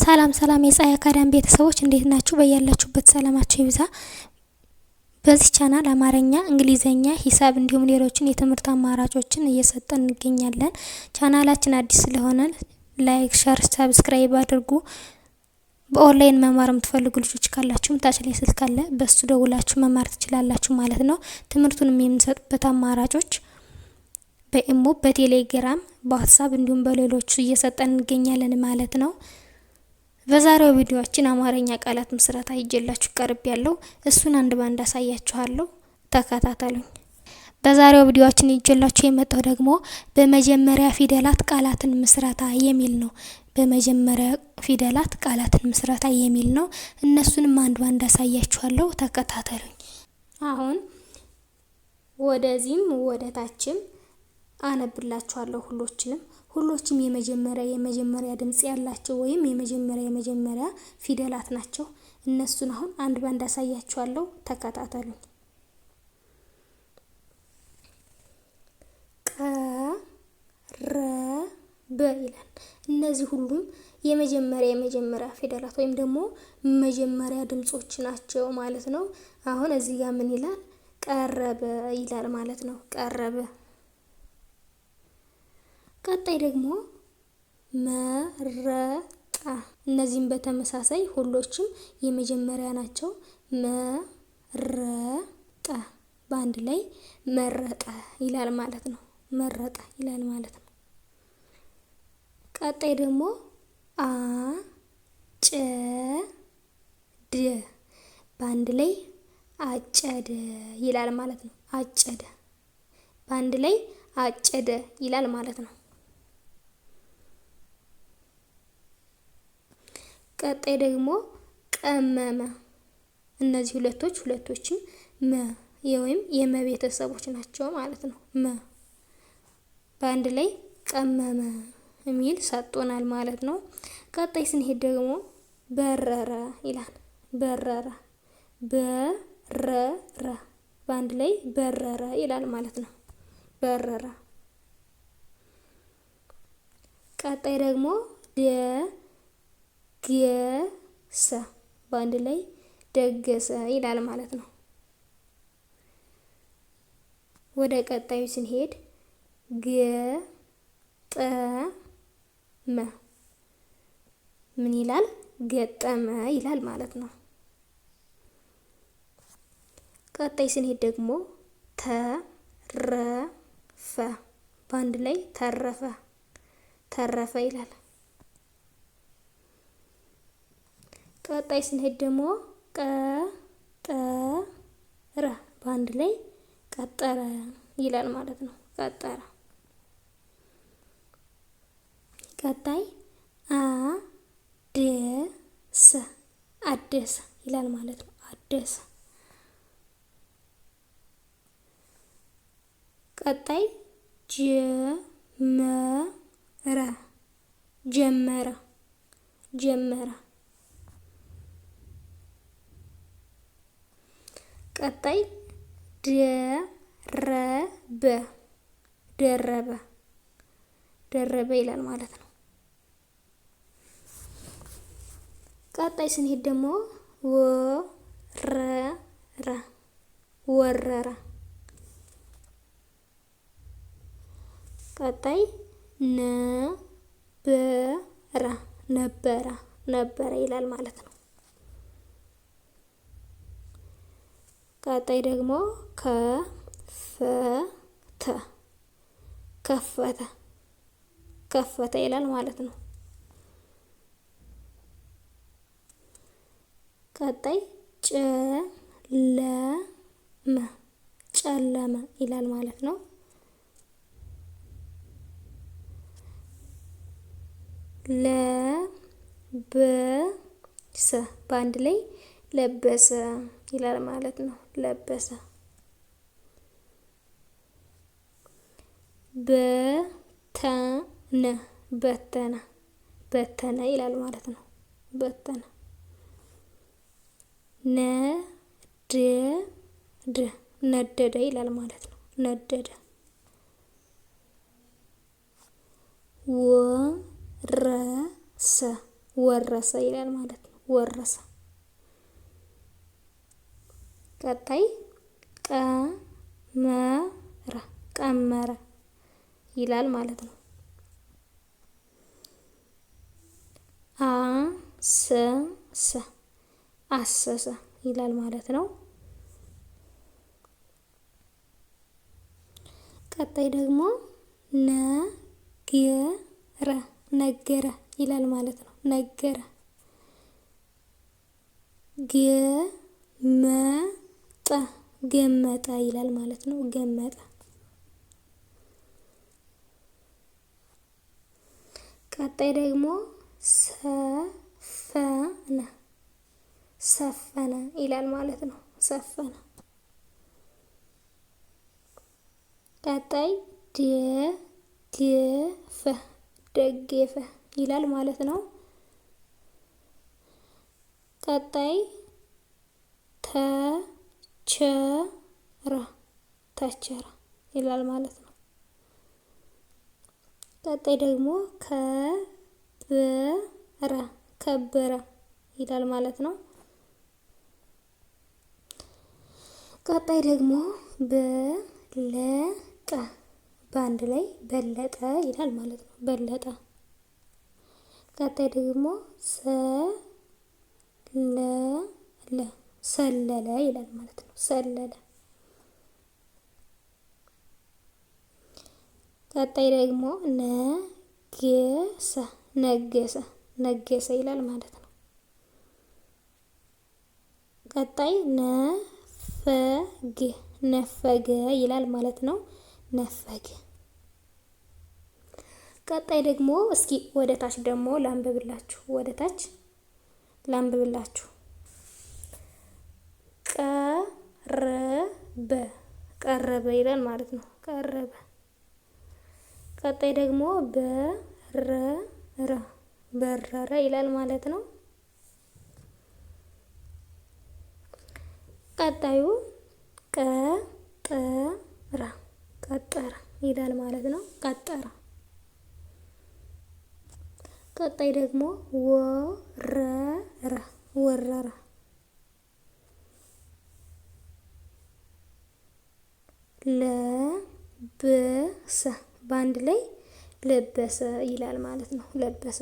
ሰላም ሰላም የፀሐይ አካዳሚ ቤተሰቦች እንዴት ናችሁ? በያላችሁበት ሰላማችሁ ይብዛ። በዚህ ቻናል አማርኛ፣ እንግሊዘኛ ሂሳብ እንዲሁም ሌሎችን የትምህርት አማራጮችን እየሰጠን እንገኛለን። ቻናላችን አዲስ ስለሆነ ላይክ፣ ሸር፣ ሰብስክራይብ አድርጉ። በኦንላይን መማር የምትፈልጉ ልጆች ካላችሁም ታች ላይ ስልክ አለ፣ በሱ ደውላችሁ መማር ትችላላችሁ ማለት ነው። ትምህርቱንም የምንሰጡበት አማራጮች በኢሞ፣ በቴሌግራም፣ በዋትሳፕ እንዲሁም በሌሎቹ እየሰጠን እንገኛለን ማለት ነው። በዛሬው ቪዲዮአችን አማርኛ ቃላት ምስረታ ይጀላችሁ ቀርብ ያለው እሱን አንድ ባንድ አሳያችኋለሁ። ተከታተሉኝ። በዛሬው ቪዲዮአችን ይጀላችሁ የመጣው ደግሞ በመጀመሪያ ፊደላት ቃላትን ምስረታ የሚል ነው። በመጀመሪያ ፊደላት ቃላትን ምስረታ የሚል ነው። እነሱንም አንድ ባንድ አሳያችኋለሁ። ተከታተሉኝ። አሁን ወደዚህም ወደ ታችም አነብላችኋለሁ ሁሎችንም ሁሎችም የመጀመሪያ የመጀመሪያ ድምፅ ያላቸው ወይም የመጀመሪያ የመጀመሪያ ፊደላት ናቸው። እነሱን አሁን አንድ ባንድ አሳያችኋለሁ። ተከታተሉኝ። ቀረበ ይላል። እነዚህ ሁሉም የመጀመሪያ የመጀመሪያ ፊደላት ወይም ደግሞ መጀመሪያ ድምጾች ናቸው ማለት ነው። አሁን እዚህ ጋር ምን ይላል? ቀረበ ይላል ማለት ነው። ቀረበ ቀጣይ ደግሞ መረጣ። እነዚህም በተመሳሳይ ሁሎችም የመጀመሪያ ናቸው። መረጠ በአንድ ላይ መረጠ ይላል ማለት ነው። መረጠ ይላል ማለት ነው። ቀጣይ ደግሞ አ ጨ ደ በአንድ ላይ አጨደ ይላል ማለት ነው። አጨደ በአንድ ላይ አጨደ ይላል ማለት ነው። ቀጣይ ደግሞ ቀመመ። እነዚህ ሁለቶች ሁለቶችም መ ወይም የመቤተሰቦች ናቸው ማለት ነው። መ በአንድ ላይ ቀመመ የሚል ሰጡናል ማለት ነው። ቀጣይ ስንሄድ ደግሞ በረረ ይላል። በረረ በረረ በአንድ ላይ በረረ ይላል ማለት ነው። በረረ ቀጣይ ደግሞ ደ ገሰ በአንድ ላይ ደገሰ ይላል ማለት ነው። ወደ ቀጣዩ ስንሄድ ገጠመ ምን ይላል? ገጠመ ይላል ማለት ነው። ቀጣይ ስንሄድ ደግሞ ተረፈ በአንድ ላይ ተረፈ ተረፈ ይላል። ቀጣይ ስንሄድ ደግሞ ቀጠረ በአንድ ላይ ቀጠረ ይላል ማለት ነው። ቀጠረ ቀጣይ አ ሰ አደሰ ይላል ማለት ነው። አደሰ ቀጣይ ጀመረ ጀመረ ጀመረ Katai, de, re, be, de, reba, de, Katai sen hidemo, wa, re, Katai, nabara nabara nabara ne, be, re, ቀጣይ ደግሞ ከፈተ ከፈተ ከፈተ ይላል ማለት ነው። ቀጣይ ጨለመ ጨለመ ይላል ማለት ነው። ለበሰ በአንድ ላይ ለበሰ ይላል ማለት ነው። ለበሰ። በተነ በተነ በተነ ይላል ማለት ነው። በተነ ነደደ ነደደ ይላል ማለት ነው። ነደደ ወረሰ ወረሰ ይላል ማለት ነው። ወረሰ ቀጣይ ቀመረ ቀመረ ይላል ማለት ነው። አሰሰ አሰሰ ይላል ማለት ነው። ቀጣይ ደግሞ ነገረ ነገረ ይላል ማለት ነው። ነገረ ገመ ገመጠ ይላል ማለት ነው። ገመጠ ቀጣይ ደግሞ ሰፈነ ሰፈነ ይላል ማለት ነው። ሰፈነ ቀጣይ ደገፈ ደገፈ ይላል ማለት ነው። ቀጣይ ተ ቸራ ታቸራ ይላል ማለት ነው። ቀጣይ ደግሞ ከበረ ከበረ ይላል ማለት ነው። ቀጣይ ደግሞ በለጠ በአንድ ላይ በለጠ ይላል ማለት ነው። በለጠ ቀጣይ ደግሞ ሰለለ ሰለለ ይላል ማለት ነው። ሰለለ ቀጣይ ደግሞ ነገሰ ነገሰ ነገሰ ይላል ማለት ነው። ቀጣይ ነፈገ ነፈገ ይላል ማለት ነው። ነፈገ ቀጣይ ደግሞ እስኪ ወደ ታች ደግሞ ላንብብላችሁ ወደ ታች ላንብብላችሁ ቀረበ ቀረበ ይላል ማለት ነው። ቀረበ። ቀጣይ ደግሞ በረረ በረረ ይላል ማለት ነው። ቀጣዩ ቀጠረ ቀጠረ ይላል ማለት ነው። ቀጠረ። ቀጣይ ደግሞ ወረረ ወረረ ለበሰ በአንድ ላይ ለበሰ ይላል ማለት ነው። ለበሰ።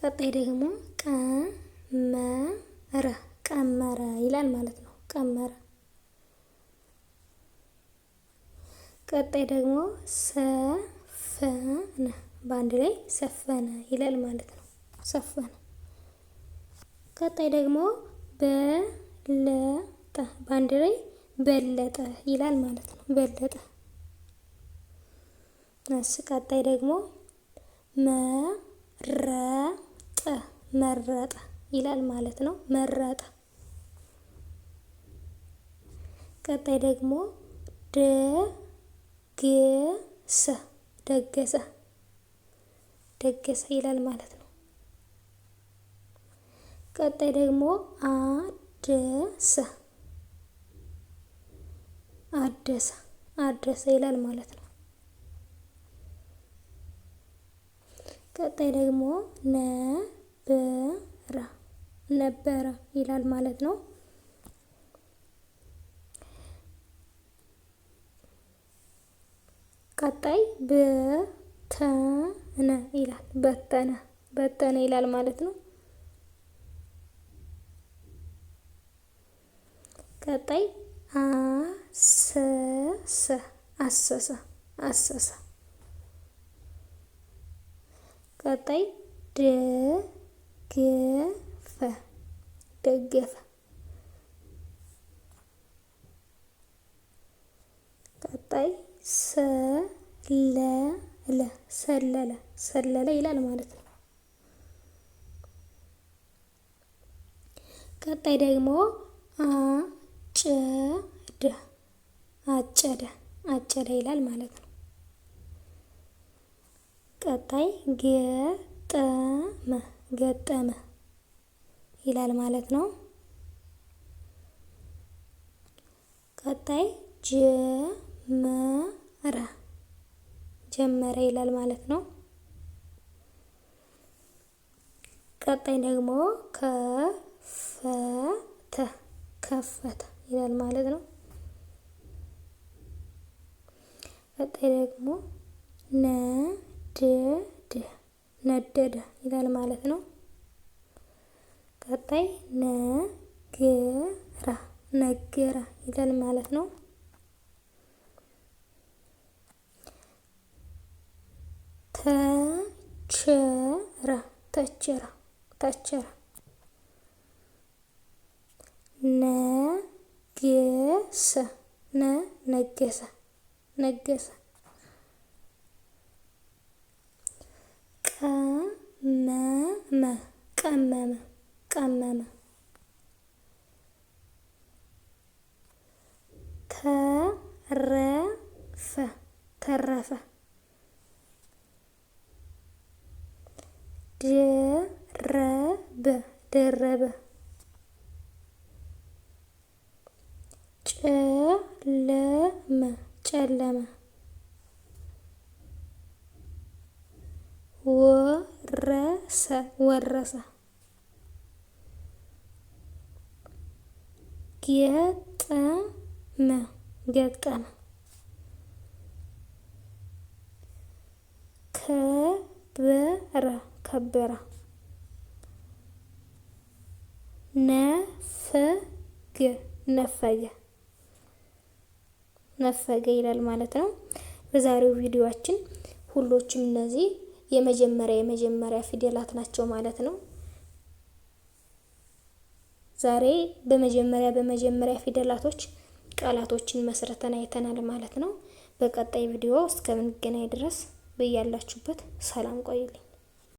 ቀጣይ ደግሞ ቀመረ ቀመረ ይላል ማለት ነው። ቀመረ። ቀጣይ ደግሞ ሰፈነ በአንድ ላይ ሰፈነ ይላል ማለት ነው። ሰፈነ። ቀጣይ ደግሞ በለጠ በአንድ ላይ በለጠ ይላል ማለት ነው። በለጠ ቀጣይ ደግሞ መረጠ መረጠ ይላል ማለት ነው። መረጠ ቀጣይ ደግሞ ደገሰ ደገሰ ደገሰ ይላል ማለት ነው። ቀጣይ ደግሞ አደሰ አደሰ አደሰ ይላል ማለት ነው። ቀጣይ ደግሞ ነበረ ነበረ ይላል ማለት ነው። ቀጣይ በተነ ይላል በተነ በተነ ይላል ማለት ነው። ቀጣይ አሰሰ አሰሰ አሰሰ። ቀጣይ ደገፈ ደገፈ። ቀጣይ ሰለለ ሰለለ ሰለለ ይላል ማለት ነው። ቀጣይ ደግሞ አጨደ አጨደ አጨደ ይላል ማለት ነው። ቀጣይ ገጠመ ገጠመ ይላል ማለት ነው። ቀጣይ ጀመረ ጀመረ ይላል ማለት ነው። ቀጣይ ደግሞ ከፈተ ከፈተ ይላል ማለት ነው። ቀጣይ ደግሞ ነደደ ነደደ ይላል ማለት ነው። ቀጣይ ነገረ ነገራ ይላል ማለት ነው። ተቸራ ተቸራ ተቸራ ነ ነገሰ ነ ነገሰ ነገሰ ቀመመ ቀመመ ቀመመ ተረፈ ተረፈ ደረበ ደረበ چلما ورس ورس گتم گتم كبرة كبر نفج نفج ነፈገ ይላል ማለት ነው። በዛሬው ቪዲዮአችን ሁሎችም እነዚህ የመጀመሪያ የመጀመሪያ ፊደላት ናቸው ማለት ነው። ዛሬ በመጀመሪያ በመጀመሪያ ፊደላቶች ቃላቶችን መስረተን አይተናል ማለት ነው። በቀጣይ ቪዲዮ እስከምንገናኝ ድረስ በያላችሁበት ሰላም ቆዩልኝ።